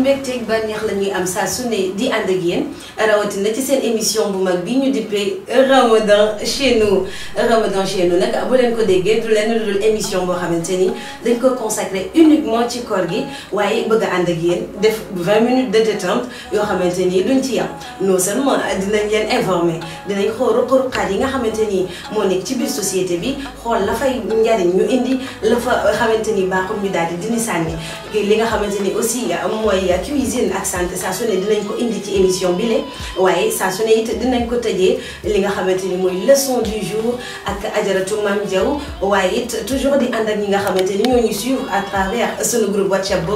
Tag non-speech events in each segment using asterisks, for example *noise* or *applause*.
mbégteeg bànneex la ñuy am saa su ne di ànd ak yéen rawatina ci seen émission bu mag bi ñu dippee Ramadan chez nous Ramadan chez nous nag bu leen ko déggee du leen dul émission boo xamante ni dañ ko consacré uniquement ci koor gi waaye bëgg a ànd ak yéen def 20 minutes de détente yoo xamante ni duñ ci yam non seulement dinañ leen informé dinañ xool ruq-ruqaat yi nga xamante ni moo nekk ci biir société bi xool la fay njariñ ñu indi la fa xamante ni baaxul ñu daal di dindi sànni li nga xamante ni aussi mooy la cuisine ak santé sonné ko indi ci émission bi lé wayé sonné it dinañ ko tejé li nga moy leçon du jour ak mam Diaw it toujours di endroits nga ñoo suivre à travers ce groupe WhatsApp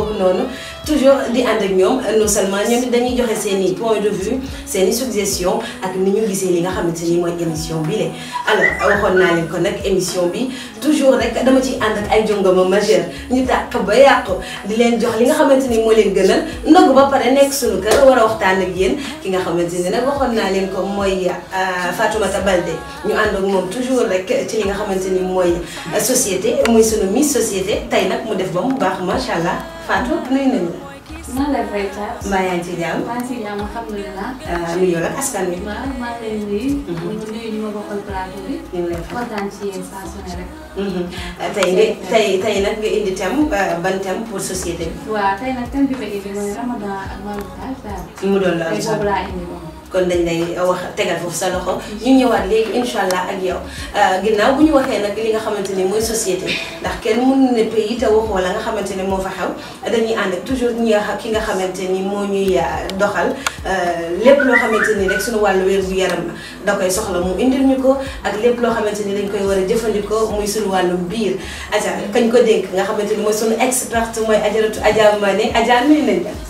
toujours di and ak ñom non seulement ñoom dañuy joxe seen point de vue seen i suggestion ak ni ñu gisé li nga xamanteni moy émission bi lé alors waxon na leen ko nak émission bi toujours rek dama ci and ak ay jongoma majeur ñu tak ba yaq di leen jox li nga xamanteni ni leen gënal ndog ba paré nek suñu kër wara waxtaan ak yeen ki nga xamanteni nak waxon na naa leen ko moy euh, Fatouma Baldé ñu and ak mom toujours rek ci li nga xamanteni moy euh, société moy suñu mi Société tay nak mu def ba mu baax machallah Fatou nuyu nañu. maa lay fay Thiat. mbaa yaa ngi ci jàmm. maa ngi ci jàmm alhamdulilah. la askan wi. waaw maa ngi lay nuyu. ñu nuyu ñu ma bokkal plateau bi. ñu ngi lay fay kontaan ci yéen saa su ne rek. tey nga indi thème ban thème pour société bi. waaw mu doon la am solo tey kon dañ lay wax tegal foofu sa loxo ñu ñëwaat léegi incha allah ak yow ginnaaw bu ñu waxee nag li nga xamante ni mooy société ndax kenn mënu ne pays te waxoo la nga xamante ni moo fa xew dañuy ànd ak toujours ñi nga ki nga xamante ni moo ñuy doxal lépp loo xamante ni rek suñu wàllu wér gu yaram da koy soxla mu indil ñu ko ak lépp loo xamante ni dañ koy war a jëfandikoo muy suñu wàllu biir aja kañ ko dénk nga xamante ni mooy suñu expert mooy ajaratu Adja Mané Adja nuyu nañ la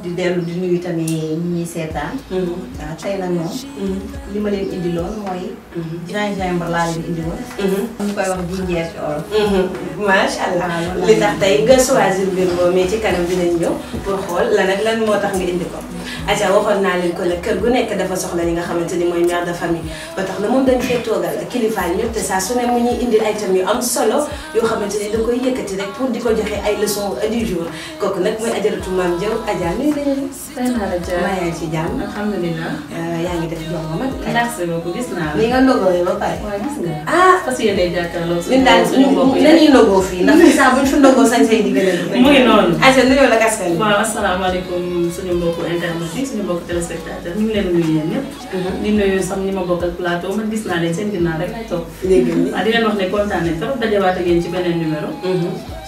di dellu di nuyu tamit ñi ñuy seetaan. waaw mm-hmm. ah, tey nag moom. Mm-hmm. li ma leen indi lool mooy. Mm-hmm. gingembre laa leen indi woon. ñu koy wax jinjeer ci olof. macha allah ah, li tax tey nga choisir mais ci kanam ñëw pour xool la ak lan moo tax nga indi ko. Aja waxoon naa leen ko la kër gu nekk dafa soxla li nga xamante ni mooy mère de famille ba tax na moom dañ fee toogal kilifaay ñëpp te saa su ne mu ñuy indil ay thèmes yu am solo yoo xamante ni da koy yëkkati rek pour di ko joxe ay leçons du jour kooku nag mooy ajaratu sëñ Nadia maa ngi ci jàmm. alhamdulilah. yaa ngi def jox ma man. merci beaucoup gis naa la. nga logowee ba pare. waaw gis nga. ah parce que yéen ay jàkkaarloo. suñu bopp suñu bopp yi dañuy logoo fii ndax saa buñ fi logoo sañ say di gën a dugg. muy noonu. ayca nuyoo la gas kër yi. waaw asalaamaaleykum suñu mbokku internet yi suñu mbokku téléspectateur ñu ngi leen nuyu yéen ñëpp. di nuyu ma bokk ak plateau gis naa leen seen naa rek lay toog. dégg nga waaw di wax ne kontaan nañ trop dajawaat ak ci beneen numéro.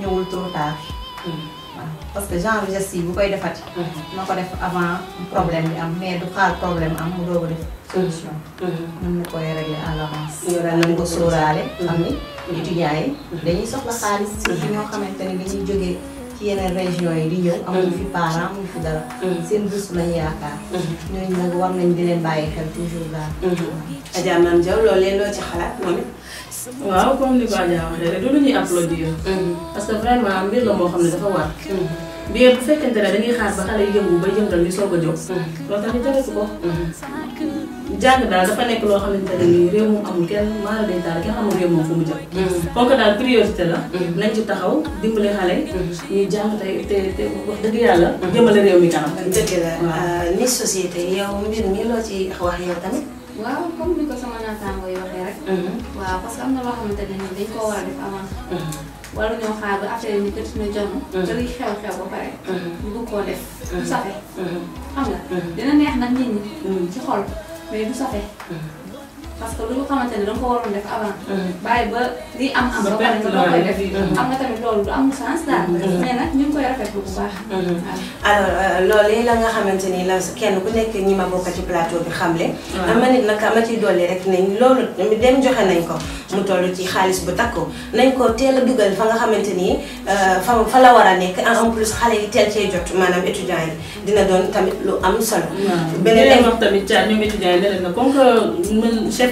ñëwul trop tard. waaw parce que genre geste yi bu koy defati. Hmm. ko def avant problème bi am mais du xaar am mu doog a def hmm. solution. Hmm. mën na nañ ko sóoraale. xam ni étudiants yi. dañuy soxla xaalis. ci xamante ne dañuy jógee. ci yeneen région yi di ñëw amuñu fi parent amuñu fi dara seen bourse lañu yaakaar ñooñu nag war nañ di leen bàyyi xel toujours daal Adja Mame Diaw loolee loo ci xalaat moom waaw comme ni ko Adja waxee rek du lu ñuy applaudir. parce que vraiment mbir la moo xam ne dafa war. mais bu fekkente ne dañuy xaar ba xale yëngu ba yëngal ñu soog a jóg. loolu tax ñu tere ko. jàng daal dafa nekk loo xamante ne nii réew moom amul kenn maara day taal kenn amul réew moom fu mu jëm. kon que daal priorité la. nañ ci taxaw dimbali xale. ñuy jàng te te wax dëgg yàlla. jëmale réew mi kanam. dëgg la ni société yow mbir mi loo ci wax yow tamit. waaw comme ni ko sama naataango yi waxee. rek. waaw parce que am na loo xamante ne koo war a def avant. wala ñoo xaar ba affaire yi ñu continué jonn. te luy xew-xew ba pare. ñu bëgg def. du safee. xam nga dina neex nag nit ñi. xol mais du safee. parce que lu nga xamante ne da nga ko waroon def avant. bàyyi ba li am am. tamit loolu du am sens daal. nag ñu ngi koy rafetlu bu baax. alors euh, loolu la nga xamante ni la kenn ku nekk ñi ma bokk ci plateau bi xamle. waaw ma nit nag ma ciy dolli rek ne loolu dem joxe nañ ko. mu toll ci xaalis bu takku nañ ko teel a dugal fa nga xamante ni euh, fa fa la war a nekk en plus xale yi teel cee jot maanaam dina doon tamit lu am solo. beneen wax tamit ca ñoom étudiants yi ne leen na comme que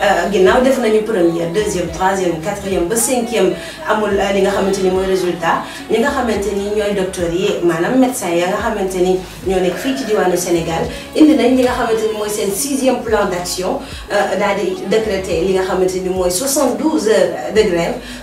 Euh, ginnaaw def nañu première deuxième troisième quatrième ba cinquième amul euh, li nga xamante ni mooy résultat ñi nga xamante ni ñooy docteurs yi maanaam médecin ya nga xamante ni ñoo nekk fii ci diwaanu Sénégal indi nañ li nga xamante ni mooy seen sixième plan d' action euh, daal di décrété li nga xamante ni mooy 72 heures de grève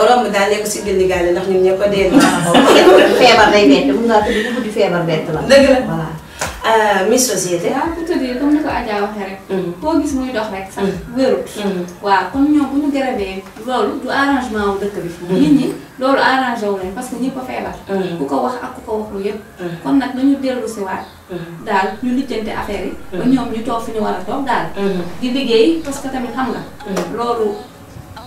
ba romb daal nekk si gilli gaal ndax ñun ñoo ko dee. Ah, feebar day bett mun ngaa tudd ku di feebar bett la. dëgg la voilà. Ah, Miss Société. waaw ku tëddee comme ni ko Adja waxee rek. koo mm. gis muy dox rek sax mm. wérut. Mm. waaw comme ñoom bu ñu garabee loolu du arrangement wu dëkk bi. nit ñi loolu arrangé wu leen parce que ñi ko feebar. ku ko wax ak ku ko waxul yépp kon nag dañu dellu si waat. daal ñu lijjante affaire yi. ba ñoom ñu toog fi ñu war toog daal. di liggéey parce que tamit xam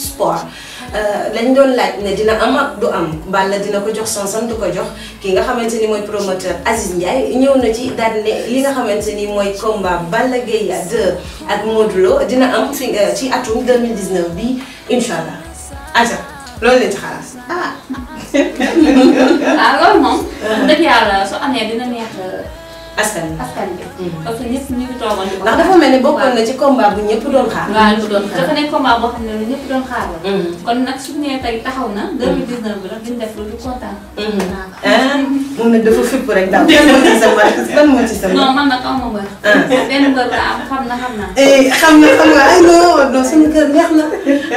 sport lañ euh, doon laaj ne dina am ak du am Balla dina ko jox sansam du ko jox ki nga xamante ni mooy promoteur Aziz Ndiaye ñëw na ci daal ne li nga xamante ni mooy combat Balla Gaye 2 ak Modou dina am fi euh, ci atum 2019 bi incha allah aja loolu lañ ci xalaat ah. *laughs* ah loolu moom. *laughs* dëgg yàlla su amee dina neex. Euh, askan bi askan bi. Mm-hmm. parce que ñëpp ñu ngi toogoon di ko. ndax dafa mel ni bokkoon na ci combat bu ñëpp doon xaar. waaw ñëpp doon xaar dafa nekk combat boo xam ne lu ñëpp doon xaar la. Mm-hmm. kon nag su ñu nee tey taxaw na. 2019 bi nag duñ def lu kontaan. Mm-hmm. waaw ah, moom nag dafa fépp rek daal. *laughs* ban moo ci sa mbër. non man nag aw ma mbër. Ah. benn mbër la am xam na xam na. Eh, xam na xam nga ay non non suñu kër neex na.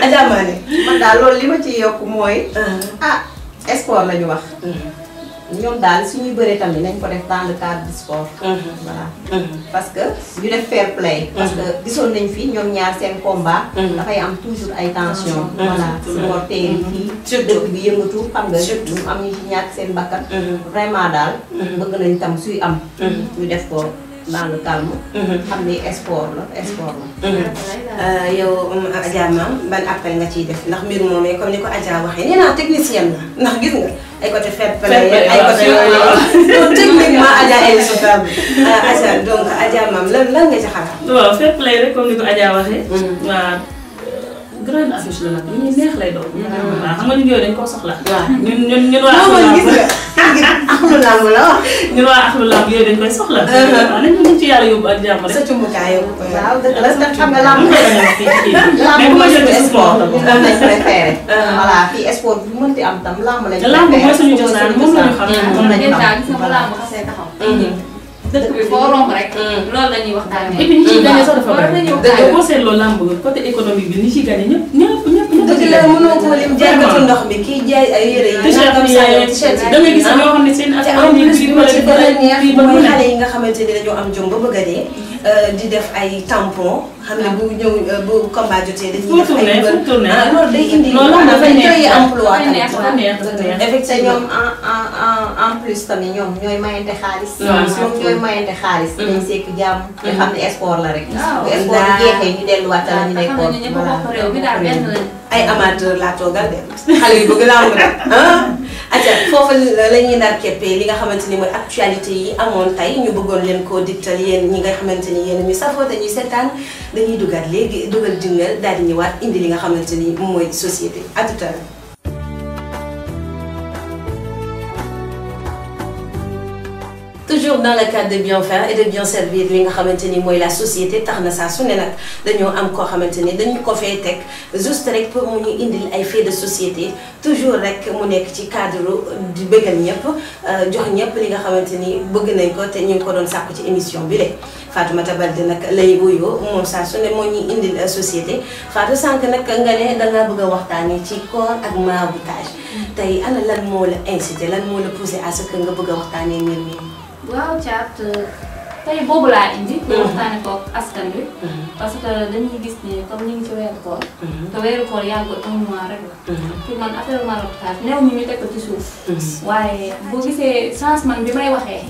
Adja Mané man daal loolu li ma ci yokk mooy. ah espoir ah, la ñu wax. ñoom daal suñuy bëree tamit nañ ko def dans le cadre du sport. voilà parce que ñu def fair play. parce que gisoon nañ fii ñoom ñaar seen combat. dafay am toujours ay tension. voilà mmh. supporter yi fii. surtout dëkk bi yëngatu xam nga. surtout am ñu ñaat seen bakkan. Mmh. vraiment daal. Mmh. bëgg nañ tam suy am. ñu def ko. dans le calme. xam ni sport la sport la. Mhm. Mhm. Euh, yow Adja Maam ban appel nga ciy def ndax mbir moomee comme ni ko Adja waxee nee naa technicien la ndax gis nga ay côté fair play ay côté yooyu *laughs* techniquement Adja est insuffisable. Euh, Adja donc Adja Maam lan lan nga ci grande affiche la nag lu ñuy neex lay doon. Mm-hmm. waaw xam nga ñun yooyu dañ koo soxla. waaw *laughs* ñun ñun ñun waa. waaw man gis nga axlu lamb la wax. *laughs* ñun waa axlu lamb yooyu dañ koy soxla. Uh-huh. waaw nañu ñu ci yàlla yóbbu ak jàmm rek. sa cumbukaay waaw dëgg la ndax xam nga lamb la ñu fii ci kii. *laughs* mais bu ma jël sport la ko. lamb lañ préféré. voilà fii sport bu uh-huh. mënti am tam lamb lañ. lamb mooy suñu cosaan moom la ñu xam. moom la ñu xam dëkk bi forom rek. loolu la ñuy waxtaanee. et puis ñi ciy gagné sax dafa bari. dëgg boo seetloo ni dañoo am jom ba bëgg plus tamit ñoom ñooy mayante xaalis. ñoom ñooy mayante xaalis. Mm-hmm. dañ sekk jàmm. te mm-hmm. xam la rek. bu sport bi jeexee ñu delluwaat la ay amateur laa toogal de xale yu bëgg laa mën aja foofu la ñuy ndar li nga xamante ni mooy actualité yi amoon tey ñu bëggoon leen ko digtal yéen ñi nga xamante ni yéen ñu safoo dañuy seetaan dañuy dugaat léegi dugal dimbal daal di ñëwaat indi li nga xamante ni mooy société à tout dans le cadre de bien faire et de bien servir li nga xamanteni la société taxna sa suné nak dañu am ko xamanteni ko juste rek pour ñu indil ay de société toujours rek mu ci cadre di bëggal ñëpp euh, jox ñëpp li nga xamanteni nañ ko té ñu ci émission bi le Fatoumata Baldé nak lay l'émission. sa suné mo ñi euh, société Fatou sank nak nga né da nga bëgg ci corps ak mm. lan incité lan à ce que nga bëgg waaw Thiat uh, tey boobu laa indi. pour uh-huh. waxtaane ko askan bi. Uh-huh. parce que dañuy gis ne comme ñu ngi ci weeru koor. Uh-huh. te weeru koor yàggul un mois rek la. pour man affaire ci suuf. waaye boo gisee changement bi may waxee.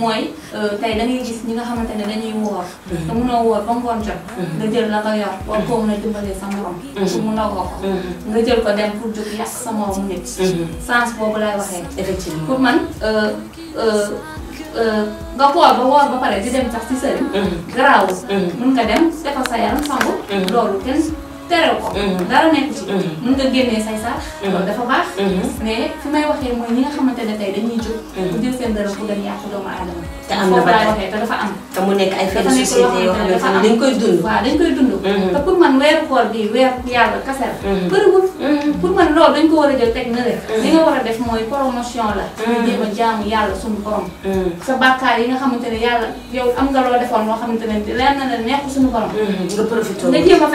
mooy euh, tey da ngay gis ñi nga xamante ne dañuy woor. te munoo woor ba ngoon jot. nga jël la nga yor war koo mën a dimbalee sa morom. pour mu ndogoo ko. nga jël ko dem pour jóg yàq sa morom nit. change boobu laay waxee. pour man. Euh, euh, nga woor ba woor ba pare di dem sax ci sëriñ. garaawul. mën nga dem defal sa yaram sangu. loolu kenn terew ko. dara nekk ci. mën nga génnee say sax. loolu dafa baax. mais fi may waxee mooy ñi nga xamante ne tey dañuy jóg. bu jël seen dërëm bu dem yàq doomu aadama. te am na ba waxee te dafa am. te mu nekk ay faits de société yoo xamante ne dañ koy dund. waaw dañ mm-hmm. te pour man weeru koor bii la. Mm-hmm. bëriwul. Mm-hmm. pour man ko war a a yi nga xamante ne yàlla yow am nga loo defoon loo ne leer na la neexu suñu borom. nga profité a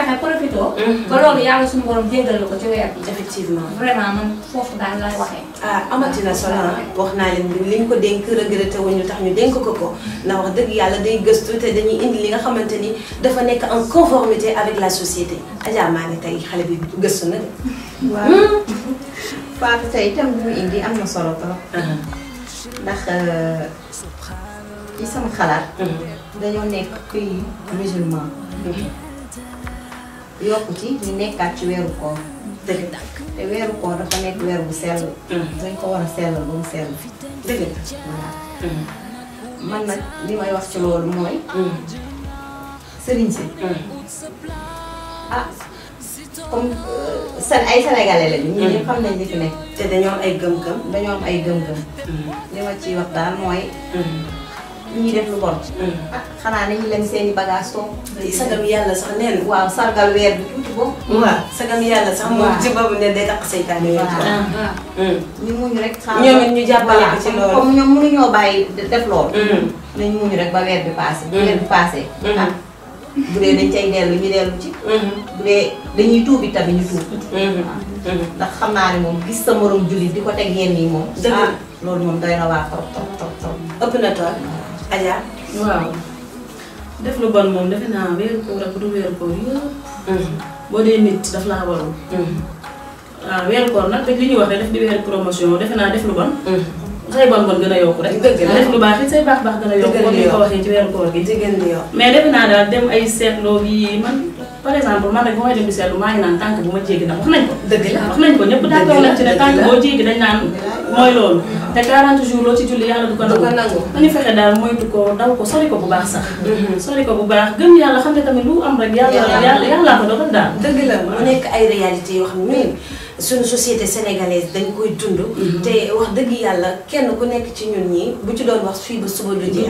fexe profité. ba waxee. ah amati na solo wax naa leen liñ ko dénk regretté wuñu tax ñu dénk ko ko ko ndax dëgg yàlla day gëstu te dañuy indi li nga xamante ni dafa nekk en conformité avec la société Adja tey xale bi gëstu na de. waaw hmm? Fatou tey thème bu mu indi am na solo trop. Uh-huh. ndax euh, ci sama xalaat. Uh-huh. dañoo nekk kuy musulman. Uh-huh. yokku ci nekkaat ci weeru koor. dëgg te weeru koor dafa nekk weer bu sell. dañ ko war a sellal ba mu sell. dëgg la man nag li may wax ci loolu mooy. sëriñ si. Hmm. ah comme euh, ay sénégalais lañu. Hmm. xam nañ li fi nekk. te dañoo ay gëm-gëm. dañoo ay gëm-gëm. Hmm. li ma ciy wax daal mooy. ñuy def lu bon. xanaa nañu leen seen i bagage toog. sagam yàlla sax nee na waaw sargal weer bi tuuti ko. waaw sagam yàlla sax. moom ci boobu ne day tax seytaane weer. waaw ah, ah. Hmm. ñu muñ rek. xam ñu jàppale ko ci loolu comme ñoom mënuñoo hmm. rek ba weer bi paase. Hmm. weer bi paase. Ah. bu dee dañ cay bu dee dañuy tuubi tamit ndax xam naa ne moom gis sa morom jullit di ko te yenn yi moom. dëgg loolu moom doy na waa trop trop trop ëpp na tool. Adja. waaw def lu bon moom defe naa weeru koor ak du weeru koor yëpp. Hmm. boo dee nit daf laa warul. waaw hmm. ah, weeru koor nag li ñuy wax ne def di weeru promotion defe naa def lu bon. Hmm. say bon bon gën a yokku rek. dëgg la def lu baax it say baax baax gën a yokku. dëgg la ko waxee ci weeru koor gi. mais defe naa daal dem ay seetloo yi man. par exemple man rek bu may dem di seetlu naan tànk bu ma jéggi ndax wax nañ ko. dëgg la ko ñëpp ci ne tànk boo jéggi dañ naan mooy loolu. te 40 jours ci julli yàlla du ko nangu. dañu fexe daal moytu ko daw ko sori ko bu baax sax. Mm-hmm. sori ko bu baax gën yàlla xam ne tamit lu am rek. yàlla yàlla ko dogal daal. dëgg la mu nekk ay réalité yoo xam ne suñu société sénégalaise dañ koy dund. Mhm. te wax dëgg yalla kenn ku nekk ci ñun ñi bu ci doon wax fii ba suba du jeex.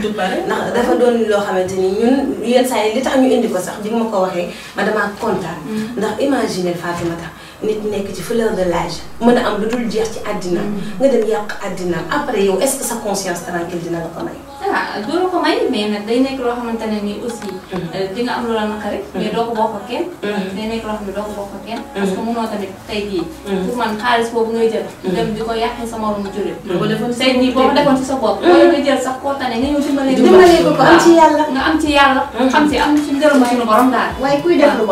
ndax dafa doon lo xamanteni ñun yeen say li tax ñu indi ko sax bi ma ko waxee ma dama contane mhm. ndax imaginer Fatimata nit nekk ci fleur de l'âge mën am lu dul jeex ci adina mhm. nga dem yàq adina après yow est-ce que sa conscience tranquille dina la ko may. ah doo ko may mais nag day nekk loo xamante ne nii aussi. di nga am loola naqari. mais doo ko bokk ak kenn. day nekk loo xam ne doo ko bokk ak kenn. parce que mënoo tamit tey jii. pour man xaalis boobu ngay jël. dem di ko yàqee sa moromu jullit. boo ko defoon tey jii boo ko defoon ci sa bopp. boo nga jël sax koo tane nga ñëw dimbalee. dimbalee ko ko am ci yàlla. nga am ci yàlla. xam si am ci ngërëm suñu borom daal. waaye kuy def ko.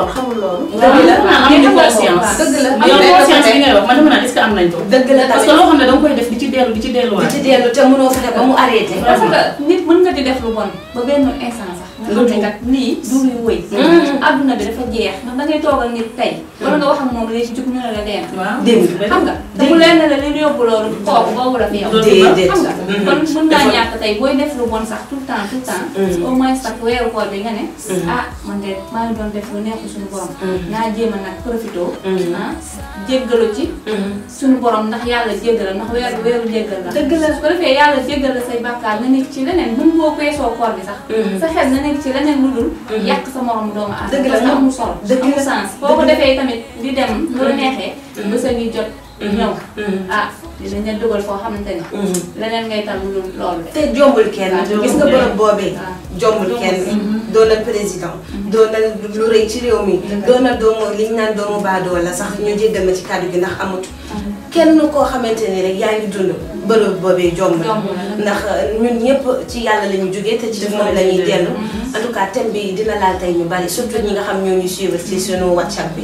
nit mën nga di def lu bon ba benn instant nga xam ne kat lii du luy wëy mm. adduna bi dafa jeex ndax da ngay toogal nit tey mm. wala nga wax ak moom léegi jug ñu ne la deen démb xam nga te bu leen ne la li yóbbu loolu mm. kooku boobu la fi yow xam nga kon mën ñàkk tey booy def lu bon sax tout le temps tout le temps au sax weeru koor bi nga ne ah man de maa ngi doon def lu neexu suñu borom naa jéem a nag profité ah jéggalu ci suñu borom ndax yàlla jéggal la ndax weeru weeru jéggal la dëgg la su ko defee yàlla jéggal la say bàkkaar nga nekk ci leneen mën boo peesoo koor bi sax sa xel na nekk nekk ci leneen lu dul mhm. yàq sa moromu doomu aadama dëgg la amul solo amul sens boo ko defee tamit di dem lu la mhm. neexee mhm. ba sa ngi jot Mm-hmm. ñëw mm-hmm. ah dina ña dugal xamante ne mm-hmm. leneen ngay te jombul kenn ah, gis nga bërëb boobee ah. jombul kenn doonal président doonal lu rëy ci réew mi doonal doomu li naan doomu baadoo la sax ñu jéggal ma ci kàddu gi ndax amut kenn koo xamante ni rek yaa ngi dund bërëb boobee jomb ndax euh, ñun ñëpp ci yàlla la ñu jógee te ci moom la ñuy dellu en tout bi dina laal tey ñu bari surtout ñi nga xam ñoo ñuy suivre ci WhatsApp bi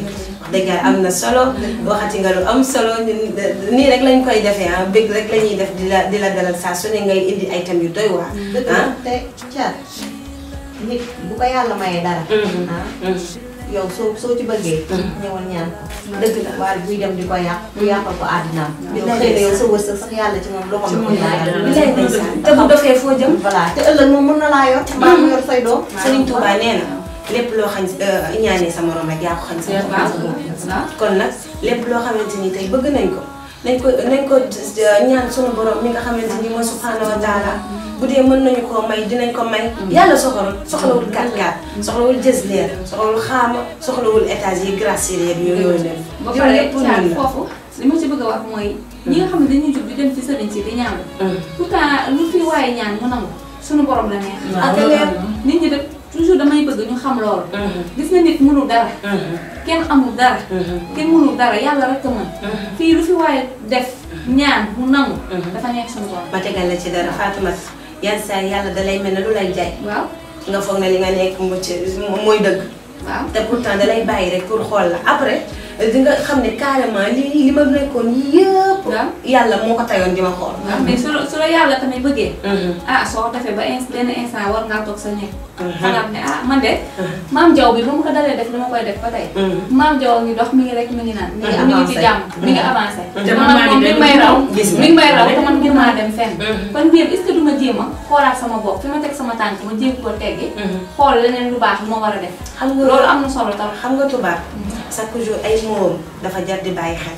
dëgg am na solo. waxati nga lu am solo nii rek lañ koy defee ah bëgg rek lañuy def di la di la dalal saa su ne ngay indi ay thèmes yu doy waar. la te Thiat nit bu ko yàlla mayee dara. yow soo soo ci bëggee. ñëwal ñaan ko. dëgg la waaye buy dem di ko yàq. bu yàqal ko àddinaam. yow xëy na yow sa wërsëg sax yàlla ci moom loxo bi. te bu dofee foo jëm. voilà te ëllëg moom mën na laa yor. mbaa mu yor say doom. Serigne Touba nee lépp loo xañ euh, ñaanee sa morom rek yaa ko xañ sa morom kon nag lépp loo xamante ni tey bëgg nañ ko nañ ko nañ ko euh, ñaan sunu borom mi nga xamante ni mooy subhanahu wa taala bu dee mën nañu ko may dinañ ko may mm. yàlla soxorul soxlawul kat-kat mm. soxlawul jës leer soxlawul xaama soxlawul étage yi gracier yi yooyu leen ba pare caat foofu li ma ci bëgg a wax mooy ñi nga xam ne dañuy jub di dem ci sëriñ si di ñaan mm. pourtant lu fi waaye ñaan mu nangu suñu borom la neex. ak leer nit ñi def toujours damay bëgg ñu xam loolu. Mhm. gis na nit mënul dara. Mhm. kenn xamul dara. Mhm. kenn mënul dara yàlla rek a mën. fii lu fi waaye def ñaan mu nangu. dafa neex suñu borom. ma tegal la ci dara Fatima yan saa yàlla dalay mel ne lu lay jaay. waaw nga foog na li nga nekk mu ci mooy dëgg. waaw te pourtant dalay bàyyi rek pour xool la après. di nga xam ne carrément lii li ma nekkoon yëpp. yàlla moo ko tayoon di ma xool. mais su la tamit bëggee. Mm-hmm. ah soo defee ba in benn instant war ngaa toog sa xanaa uh-huh. ne ah man de. Uh-huh. maam jaw bi ba mu ko dalee def ni ma koy def ba tey. Uh-huh. maam jaw ngi dox mi ngi rek mi ngi naan. mi ngi am mi ngi ci jàmm mi ngi avancé. te man ngi may raw gis ngi may raw te ngir maa dem fenn. kon biir est-ce que du ma jéem a xoolaat sama bopp fi ma teg sama tànk ma jéem koo teggi. xool leneen lu baax lu ma war a def. xam nga loolu am na solo tam xam nga tubaab. Mm-hmm. chaque jour ay moom dafa jar di bàyyi xel.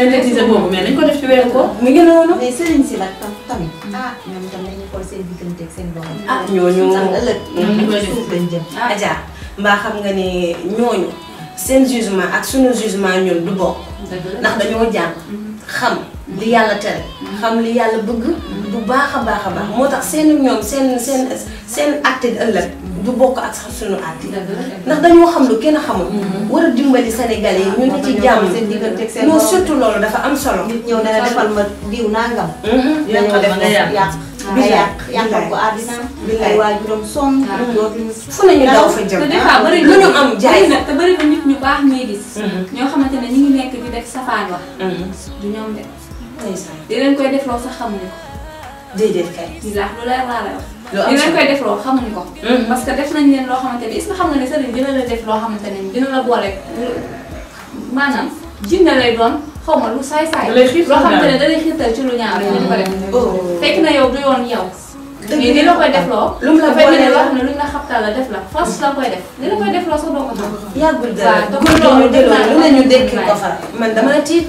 synthétiser boobu mais nañ ko def ci weeru ko mu ngi noonu. mais sëriñ si nag tamit. Ah. ah ñoom itam nañu xool seen diggante ak seen borom. ah, ah ñooñu sax ëllëg. suuf lañ jëm. Ah. xam nga ne ñooñu seen jugement ak sunu jugement ñun du bokk. ndax dañoo jàng. Mm-hmm. xam li yàlla tere. Mm-hmm. xam li yàlla bëgg. Mm-hmm. bu baax a baax a baax moo tax seen ñoom seen seen seen acte ëllëg. du bokk ak sax suñu àtt ndax dañoo xam lu kenn xamul. Mhm. war a dimbali sénégalais yi ñu ngi ci jàmm. seen surtout loolu dafa am solo. nit ñëw dana defal ma diw nangam. Mhm. yàq ko def nga yàq. yàq yàqal ko àddina. billaay waajuram sonn. Ah. fu nañu daw fa jëm. lu ñu am jaay na te bëri ba nit ñu baax ñuy gis. Mhm. ñoo xamante ne ñu ngi nekk di def safaan wax. du ñoom de. di leen koy defloo sax xamuñu ko. déedéet kay. bisimilah lu leer laa lay wax. lu am solo koy def loo xamuñ ko. parce que def nañ leen loo xamante ni est ce que xam nga ne sëriñ dina la def loo xamante ne dina la boole maanaam jinne lay doon xaw ma lu saay saay. loo xamante ne da lay xiirtal ci lu ñaaw rek ñu ko def. fekk na yow du yoon yow. dëgg li la koy def loo. lu mu la koy def loo xam ne lu ñu la xabtal la def la force la koy def. li la koy def loo sax doo ko tax. yàggul dara waaw dama doon dégg ko fa man dama tiit.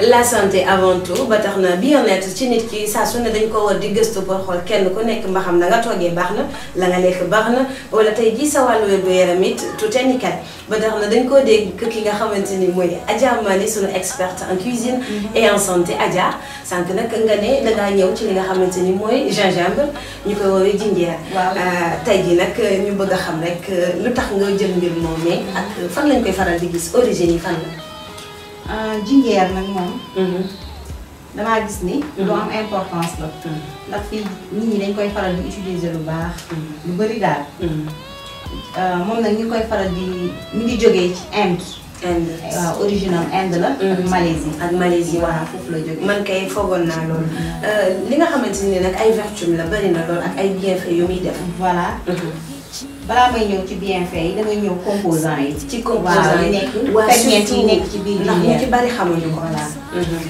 la santé avant tout ba tax na bien-être ci nit ki sa su dañ ko war di gëstu pour xol kenn ku nekk mba xam na nga toge baxna la nga lekk baxna wala tay ji sa wàllu wér gu yaram it tout est nickel ba tax dañ ko dégg ki nga xamante ni mooy Adja Mané sunu experte en cuisine mhm. et en santé Adja sànq nak nga ne da nga ñew ci li nga xamante ni mooy gingembre ñu koy wowe jinjeer euh, tay ji nak ñu bëgg xam rek euh, lu tax nga jël mbir moom ak fan lañ koy faral di gis origine yi fan la euh, jinjeer nag moom. Mhm. dama gis ni. Mhm. lu am importance la. Mhm. ndax fi nit ñi dañ koy faral di utiliser lu baax. lu bari daal. Euh, moom nag ñu ngi koy faral di ñu ngi jógee ci Inde. Inde waaw euh, original end la. ak Malaisie ak Malaisie waaw foofu la jógee. man kay foogoon naa loolu. li nga xamante ni nag ay vertu la bari na lool ak ay bienfait yu muy def. voilà. balaa may ñëw ci bienfait yi da ngay ñëw composant yi. ci composant yi nekk ferñeent yi nekk ci biir ndax ñu ci bari xamuñu ko. voilà mm-hmm.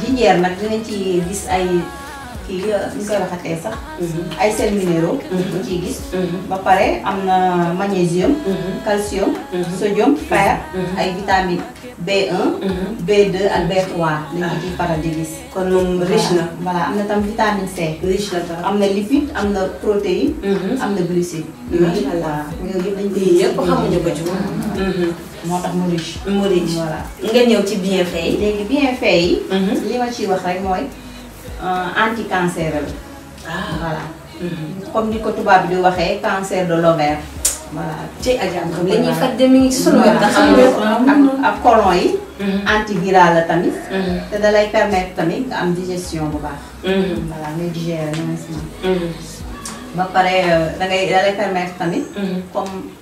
jinjeer ma dinañ ci gis ay. kii ñu koy waxatee sax. ay sels minéraux. bu ciy gis. ba pare am na magnésium. calcium. sodium fer. ay vitamines B1. B2 ak B3 dañ ko ciy faral di kon moom riche na. am na tam am na lipide am na protéine. am na glucide. moo tax mu riche. mu riche voilà. nga ñëw ci bienfait yi. léegi bienfait yi. li ma ciy wax rek mooy. Euh, anti cancer la. ah comme ni ko tubaab di waxee cancer de l'ovaire. voilà ci ajaan xam la ñuy faj de mi ngi ci sunu ak colon mhm. tamit. Mhm. te da lay permettre tamit nga am digestion bu baax. Mhm. voilà ngay digérer na nga si. ba pare euh, da ngay da tamit. comme.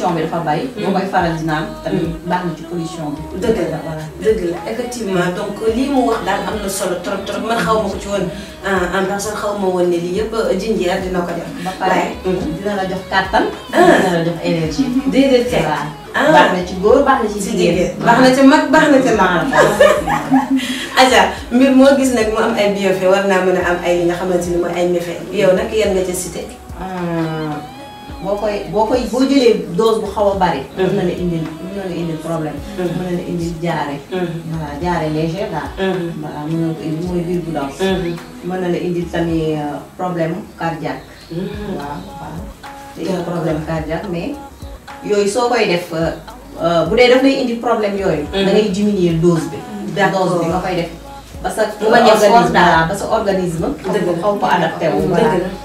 pollution bi dafa bari. boo koy faral di naan. tamit baax na ci pollution bi. dëgg la dëgg la effectivement donc lii mu wax daal am na solo trop trop man xaw ma ko ci woon en personne xaw ma woon ne lii yëpp jinjeer dina ko def. ba pare dina la jox kàttan. dina la jox énergie. déedéet kay waaw. ah baax na ci góor baax na ci jigéen baax na ci mag baax ci mag. aja mbir moo gis nag mu am ay bienfait war naa mën am ay li nga xamante ni ay méfait yow nag yan nga ca cité. boo koy boo koy boo jëlee dose bu xaw a bari. mën na la indil problème. mën na la indil jaare. voilà jaare léger daal. voilà mën na ko indi mooy biir bu daw. na la indil tamit euh, problème cardiaque. waaw waaw te indi problème cardiaque mais yooyu soo koy def euh, euh, bu dee daf lay indi problème yooyu. da ngay diminuer dose bi. dose bi nga koy def. parce que mu bañ a force daal parce que organisme. dëgg xaw ko adapté wu.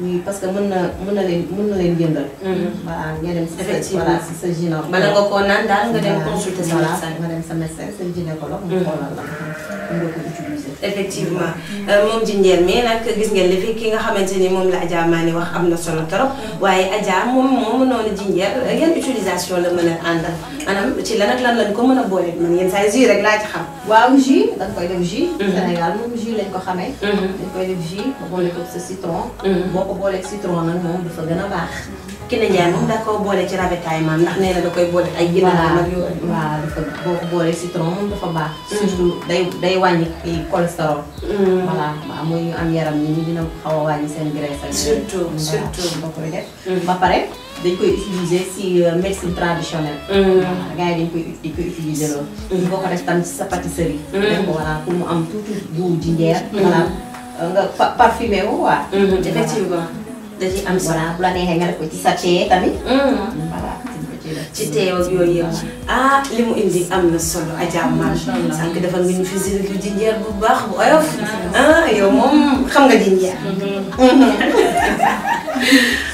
oui parce que mën na mën na leen mën na leen jëndal. Mhm. voilà nga dem si sa voilà si sa gynécologue. bala nga koo naan daal nga dem consulter sa médecin. nga dem sa médecin sa gynécologue mu mhm. xoolal effectivement euh, moom jinjeer mi nag gis ngeen li fi ki nga xamante ni moom la Adja Mané wax am na solo trop waaye Adja moom moom noonu jinjeer yan utilisation la mën a àndal maanaam ci lan ak lan ko mën a boole man yenn saa jus rek laa ci xam waaw jus da nga koy def jus mhm. Sénégal moom jus lañ mhm. boole ko sa citron mhm. moom dafa a baax Kiné Ndiaye da ko boole ci ravitaillement ndax nee na da koy boole ay ginaar ak yooyu waaw dafa day day wàññi cholestérol cholestérol. voilà waaw mooy ñu am yaram ñi dina xaw a wàññi seen graisse. surtout surtout boo koy ba pare dañ koy utiliser eh, si uh, médecine traditionnelle. Mm. voilà gars yi dañ koy dañ koy utiliser loolu. ko def tam ci sa pâtisserie. donc voilà pour mu am tuuti goût jinjeer. voilà nga parfumé wu quoi. am solo voilà bu la neexee nga def ko ci sachet ci teew yooyu ah li mu indi am na solo Adja Mar sànq defal nga ñu fisi yu jinjeer bu baax bu oyof ah yow xam nga jinjeer mm-hmm. *laughs*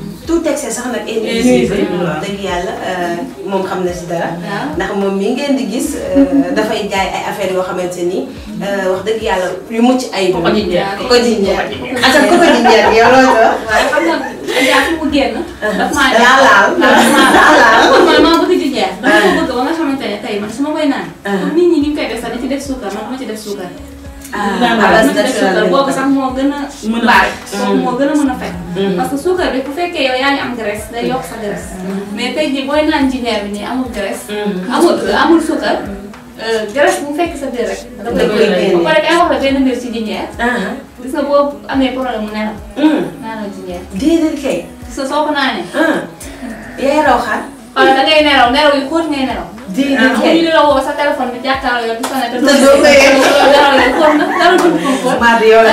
tout texte sax nag inclusif dëgg yàlla moom xam na si dara ndax moom mi ngeen di gis euh, *laughs* dafay jaay ay affaires yoo xamante ni euh, wax dëgg yàlla yu mucc ay ko ko jinjeer ko ko jinjeer atam ko ko jinjeer yow loolu la waaye xam na yaa mu génn uh-huh. daf maa laal laal laal man maa bëgg jinjeer dama ko uh-huh. bëgg ba nga man koy naan uh-huh. nit ñi ñu koy def sax ci def man ma ci def ah boobu sax moo gën a. mën a fekk moo gën a a fekk. Mm-hmm. parce que bu fekkee yow yaa ngi am graisse day yokk sa graisse. Mm-hmm. mais tey jii booy naan jinjeer bi nii amul graisse. Mm-hmm. amul amul suukar. Euh, graisse bu fekk sa biir rek. da koy génne ba pare ay wax la benn mbir ci jinjeer. Uh-huh. gis nga boo amee problème mu nelaw. Mm. naanoo jinjeer. déedéet kay. parce que soo ko naanee. Uh-huh. yaay raw xaar. xoolal da ngay nelaw nelaw yu jërëjëf xëy na la woo sa téléphone bi jàkkaarloo yow di ah, sonné te doo ko dara la kon nag dara du ko kon. maa di yow la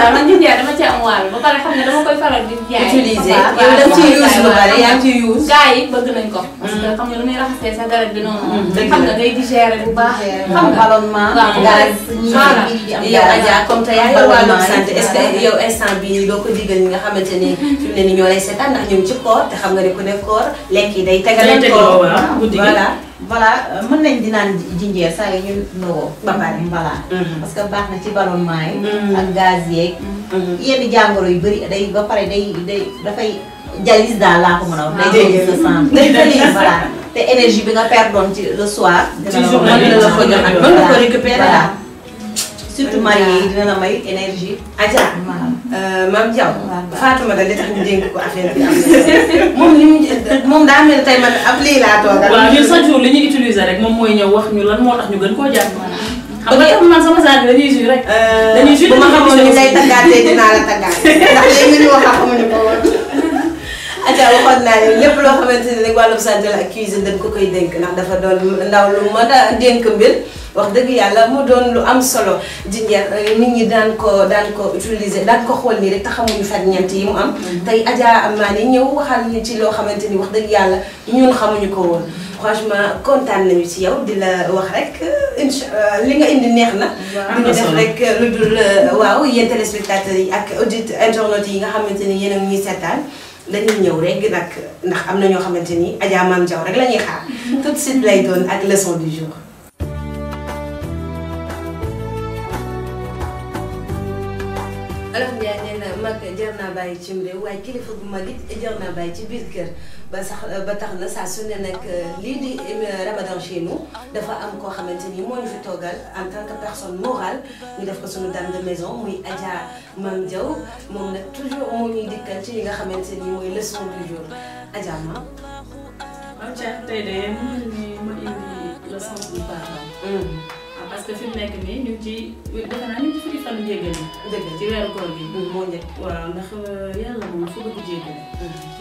dama ñu jaay dama cee am wàll ba pare xam ne dama koy faral di jaay. utiliser yow da nga ciy use lu bari yaa ngi ciy use. gars yi bëgg nañ ko. parce que xam nga lu muy raxasee sa deret bi noonu. xam nga ngay digérer bu baax. xam nga ballonnement. gaz ñii yow Adja comme tey yaa ngi wàllum santé est-ce que yow instant bii nii doo ko digal ñi nga xamante ni fi mu ne nii ñoo lay seetaan ndax ñoom ci koor te xam nga ne ku ne koor lekk yi day tegalante koor bala bala voilà voilà mën nañ di naan jinjeer bala, yi ñu nowoo ba mm-hmm. pare voilà mm-hmm. parce que baax na ci ballonnement yi mm-hmm. ak gaz yeeg jalis daal laa jalis bala, sang day jalis *laughs* *laughs* voilà te énergie bi nga perdoon bala, le soir ci journée mën surtout marié yi dina la énergie aja Euh, maam Diaw. Faatuma da li tax ñu dénk ko affaire bi am na *laughs* moom li mu moom daa mel tey man ab lii laa toogal. waaw ñun chaque jour li ñu utiliser rek moom mooy ñëw wax ñu lan moo tax ñu gën koo jàpp. xam nga man sama saal bi dañuy jus rek. Euh, dañuy jus bu ma xamoon ni ngay tàggaatee dinaa la tàggaat *laughs* ndax léegi ñu wax xamuñu ko woon. acca waxoon naa leen lépp loo xamante ne nag wàllum santal ak cuisine dañ ko koy dénk ndax dafa doon ndaw lu mën a dénk mbir wax dëgg yàlla mu doon lu am solo jinjeer nit ñi daan ko daan ko utiliser daan ko xool ni rek te xamuñu fat ñent yi mu am tey Adja Amani ñëw waxal ni ci loo xamante ni wax dëgg yàlla ñun xamuñu ko woon franchement kontaan nañu ci yow di la wax rek incha li nga indi neex na. duñu def rek lu dul waaw yéen téléspectateurs yi ak auditeurs internautes yi nga xamante ni yéen a ngi seetaan. dañuy ñëw rek nag ndax am na ñoo xamante ni Adja Mame Diaw rek la ñuy xaar mm-hmm. tout de suite lay doon ak leçon du jour na naa ci cim réew kilifa bu magit it na naa ci biir kër ba sax ba tax na sa su nak li euh, lii di euh, Ramadan chez nous dafa am ko xamanteni ni ñu fi togal en tant que personne morale ñu def ko sunu dame de maison muy Adja mam Diaw mom nag toujours moo ñuy dikkal ci li nga xamanteni moy mooy leçon du jour Adja ma. am Cheikh tay de mën nañu ma indi leçon bu baax mm-hmm. parce que fi mu nekk nii ñu ngi ci defe naa ñu ngi ci fukki fan jéegal yi. dëgg moo njëkk waaw ndax yàlla moom fu bëgg jéegale.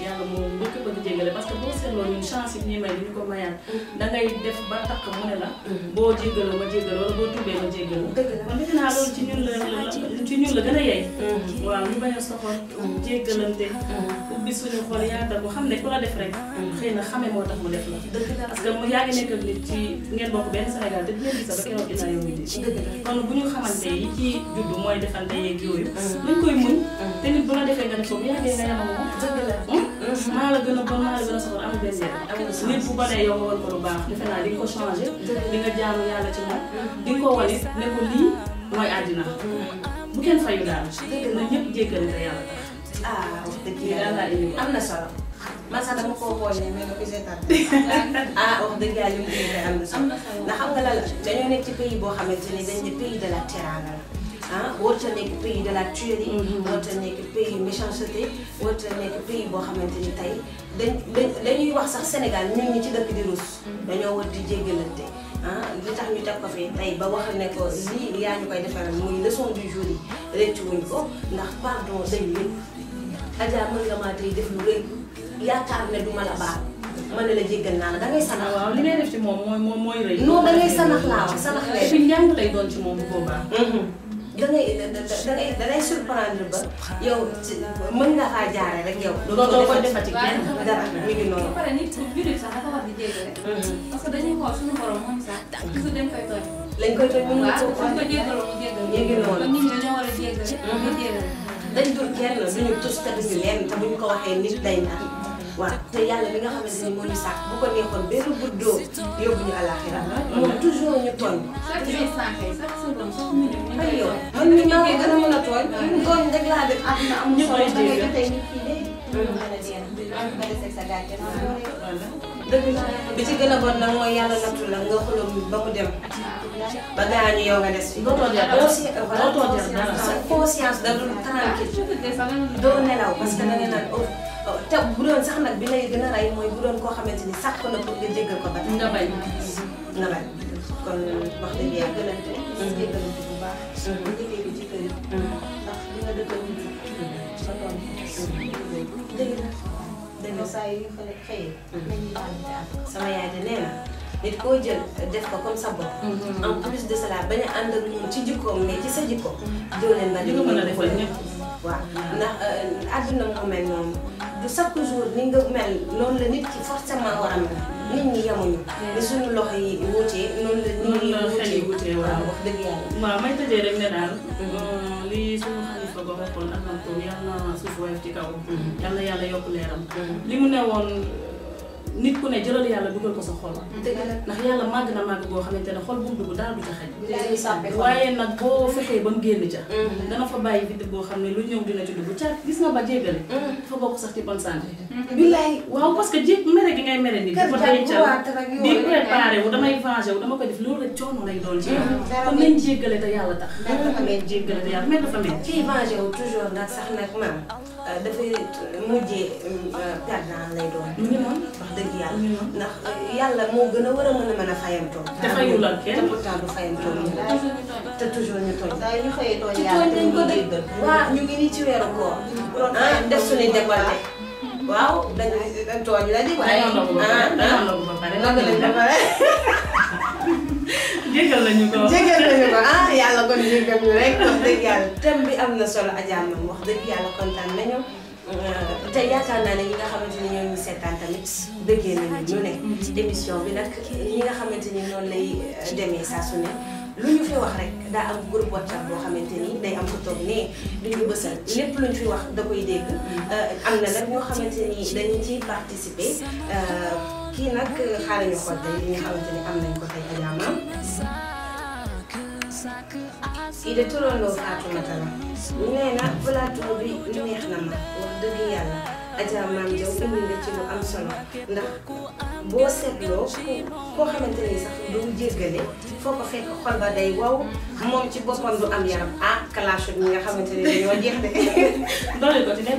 yàlla parce que boo seetloo ñun chance yi ñuy may ñu ko mayaat. da def ba takk mu ne la. boo jéegaloo ma jéegal wala boo naa loolu ci ñun la la gën a yey. waaw ñu bañ a soxor. jéggalante. ubbi suñu xol yaatal ko xam ne ku la def rek. xëy na xame moo tax mu def la. dëgg la parce que nit ci ngeen bokk benn Sénégal te du ngeen gis yow kon bu ñu xamante yi ci juddu mooy defante yeeg yooyu mm-hmm. dañ koy muñ mm-hmm. te nit bu la defee nga ne soo bu yàggee nga yaram moom dëgg la mm-hmm. maa la gën a bon maa la gën a soxor am désir nit bu baree yow nga war ko lu baax defe naa di ko changé di nga yàlla ci moom di nga ko walit ne ko lii mooy àddina bu kenn fayu daal na ñëpp jéggante yàlla ah wax dëgg yàlla am na solo man sax dama koo xoolee mais ah wax dëgg yàlla li mu gën a am na solo ndax xam nga la dañoo nekk ci pays boo xamante ne dañ ne pays de la teranga la ah warut a nekk pays a nekk pays méchanceté warut boo xamante ni tey dañ dañuy wax sax Sénégal nit ñi ci dëkk di rus. dañoo war di jéggalante ah li tax ñu teg ko fi tey ba wax ne ko lii yaa ñu koy defaral muy leçon du jour yi wuñ ko ndax pardon dañ lépp. Adja mën maa tey def lu yaakaar ne du ma la baal ma ne la jéggal naa la da ngay sanax. waaw li ngay def ci moom mooy moom mooy rëy. non da ngay sanax laa wax sanax lay. fi njàng lay doon ci moom bu boobaa. Mm-hmm. da ngay da ngay da ngay surprendre ba yow mën nga faa jaare rek yow. doo ko defati benn dara mi ngi noonu. ba pare nit bu jullit sax dafa war di jéggale. Mm-hmm. parce que dañuy su dem ko ko mu jéggal. ñu ngi noonu nit a mm-hmm. naan. waaw te yàlla mi nga xamante ni moo ñu sàkk bu ko neexoon benn guddoo yóbbu ñu àllaaxira moom toujours ñu tooñ. toujours sànqee sax sa doom sax mu ne ñu man mi ñoo ngi gën a mën a tooñ. am da ngay jotee a nga dese sa gàcce bi ci gën a bon nag mooy yàlla la nga xulum ba mu dem. ba gaañu yow nga des fi. dootoo da dul tranquille doo nelaw parce que da nga naan te bu doon sax nag bi lay gën a rey mooy bu doon koo xamante ni sax ko na pour nga jéggal ko daf. nga bañ nga bañ kon bu baax. Mm-hmm. bu njëkkee ko ci kër yi. sa doom dëgg la dëgg la saa yu xëyee. Mm-hmm. sama yaay de nit koo jël def ko comme sa bopp. Mm-hmm. en plus de cela bañ a ànd ak moom ci jikkoom mais ci sa jikko. doo leen mën a defal ñëpp. waaw ndax euh, àdduna du chaque jour ni nga mel loolu la nit ki forcément war a nit ñi yemuñu. ni suñu loxo yi wutee noonu la. noonu la xel yi wutee waaw wax dëgg yàlla. waaw may tëjee daal. Euh, li suñu xalifa ba waxoon ak am toog yàlla na suuf woyof ci kaw. Mm-hmm. yàlla yàlla yokk mm-hmm. li mu ne nit ku ne jëlal yàlla dugal ko sa xol. ndax yàlla màgg na màgg boo xamante ne xol bu mu dugg daal du ca xaj. waaye nag boo fexee ba mu ca. Mm-hmm. dana fa bàyyi vidéo boo xam ne lu ñëw dina ci dugg caag gis nga ba jéggale. Mm-hmm. dafa bokk sax ci bonne santé. Mm-hmm. billaay waaw parce que jéeg damay vengé dama ko def loolu rek coono lay doon ci. kon nañ jéggale te yàlla tax. nañ dafa mel. kii vengé wu toujours nag sax nag maam euh, dafay mujjee euh, lay dëgg yàlla. Mm. na eh, yàlla moo gën a war a mën a mën a fayantoo. te fayulal kenn te pourtant du fayantoo ñu ñu daay te ñu ngi dégg. waaw ñu ngi nii ci weeru koor. Mm. ah def suñu décolleté. waaw dañu tooñ la di waaye. ah, ah. *laughs* jégal nañu ko ko ah yàlla kon bi am na solo Adja man wax dëgg yàlla kontaan nañu. Euh, tey yaakaar naa ne ñi nga xamante ni ñoo ñu seetaan tamit na nañu ñu ne émission bi nag ñi nga xamante ni noonu lay euh, demee saa su ne wax rek daa am groupe WhatsApp boo xamante ni day am ko toog ne ba bësal lépp lu ñu fi wax da koy dégg euh, am na nag ñoo xamante ni dañu ciy participer kii nag xaaral ñu xool tey li nga xamante ni am nañ ko tey ay kii de turandoo Fatoumata la nee na plateau bi neex na ma wax dëgg yàlla Adja Maam Diaw indi ci lu am solo ndax boo seetloo koo xamante ni sax du jéggale foo ko fekk xol ba day wow moom ci boppam du am yaram ah clash bi nga xamante ne dañoo jeex de. *laughs* doole ko ne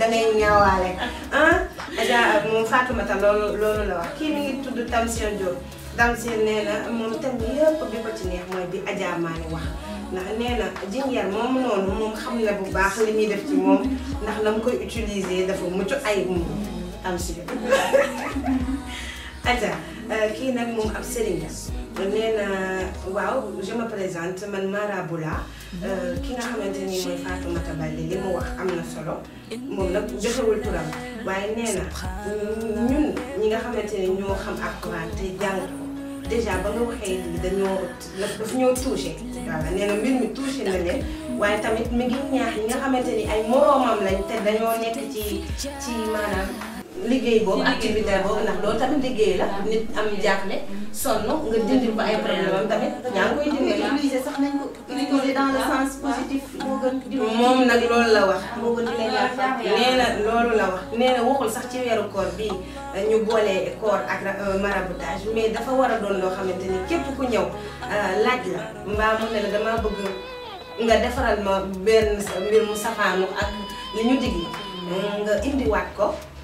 dangay ah, *laughs* ñaawaale ah. Adja moom Fatoumata loolu la wax kii mi ngi tudd Tamsir Diop Tamsir nee na moom yëpp bi ko ci neex mooy bi Adja Mane wax ndax nee na jinjeer moom noonu moom xam na bu baax li muy def ci moom ndax na koy utiliser dafa mucc ayib moom Tamsir *laughs* Adja euh, kii nag moom ab sëriñ nee na waaw je me présente man Mara Boula euh, ki nga xamante ni mooy Fatoumata Baldé li mu wax am na solo moom nag joxewul turam waaye nee ñun ñi nga xamante ni ñoo xam Alxuraan te jàng ko déjà ba nga waxee lii dañoo daf ñoo touché voilà nee na mbir mi touché na leen waaye tamit mi ngi ñaax ñi nga xamante ni ay moroomam lañ te dañoo nekk ci ci maanaam. liggéey boobu ak activité boobu ndax loolu tamit liggéey la nit am jaaxle mm-hmm. sonn nga dindil ko ay problème tamit mm-hmm. ñaa ngi ko utiliser gën moom nag loolu la wax moo gën loolu la wax nee na waxul sax ci weeru koor bii ñu boolee koor ak euh, maraboutage mais dafa war a doon loo xamante ni képp ku ñëw euh, laaj la mbaa mu ne la damaa bëgg nga defaral ma benn mbir mu safaanu ak li ñu digi mm-hmm. nga indiwaat ko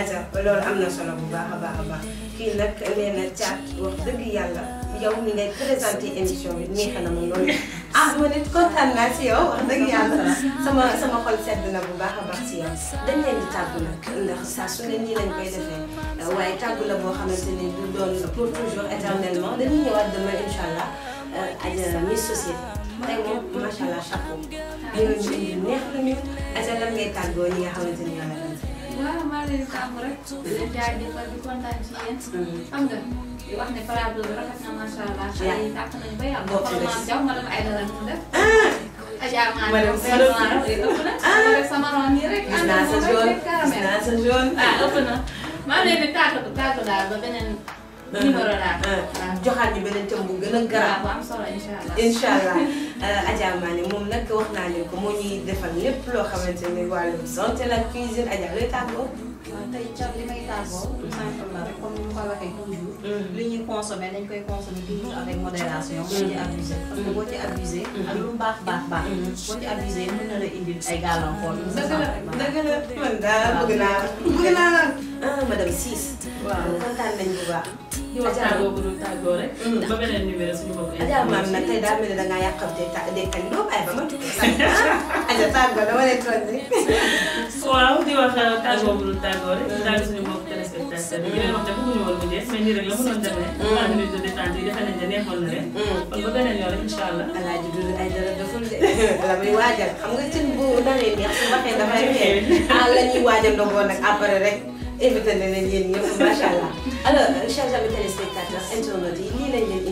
aca loolu am na solo bu baax a baax a baax kii nag wax dëgg yàlla yow mi ngay présenté émission bi neex na ma loolu ah ma nit kontaan naa si yow wax dëgg yàlla sama sama xol sedd na bu baax a baax si yow dañ leen di tàggu nag ndax saa su ne nii lañ koy defee waaye tàggu la boo xamante ni du doon pour toujours éternellement euh, moom macha allah chapeau. dinañ fi neex lu ñu aja ngay tàggoo ñi nga xamante naa leen tàmm rek. di leen jaajëfal di kontaan ci yéen. Mm. xam nga di wax ne Fara Bleu rafet na macha allah. xale yi tàq nañu ba yàlla. bokk na si xol maam ay dara mu def. Adja maa ngi doon benn noir rek ëpp na. Ah! rek sama yi rek. gis naa sa jaune gis naa sa jaune. ah ëpp na maa leen uh-huh. uh-huh. ah. gën a garaaw. waaw ah, am solo incha allah incha allah. Uh, Adja naa leen ko moo ñuy defal lépp xamante ne wàllum santé la cuisine Ah, tey car li may tàggoo simple la rek comme ni mu ko waxee toujours. Mm. li ñuy consommer dañ koy consommer toujours avec modération. boo mm. ci abusé parce que boo ci abusé. Mm. ak lu baax baax baax. boo ci abusé mën na la indil ay gàllankoor. dëgg la dëgg la man daal bëgg naa bëgg naa la ah madame Ciss. waaw kontaan nañu bu baax. di wax tàggoo bu dul tàggoo rek. ba beneen numéro suñu bopp. Adja maam nag tey daa mel ne da ngaa yàqam tey ta day kañ doo bàyyi ba ma tudd. *laughs* Ah, Adja tàggoo dama lay tontu. *laughs* waaw di wax tàggoo bu dul tàggoo rek. daal di suñu mbokk téléspectateur yi. ñu wax te bëgguñu woon mu jeex mais nii rek la mënoon demee. 3 minutes de détente yi defe nañ ne neexoon na rek. kon ba beneen yoon rek incha allah. alaaji Doudou ay dara deful de. la muy waajal xam nga cin bu dalee neex su waxee dafay neex. ah la ñuy waajal ndongoon nag après rek. invité na leen yéen ñëpp macha allah alors chers amis téléspectateurs internautes yi lii lañ leen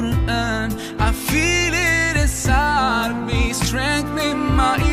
strengthen my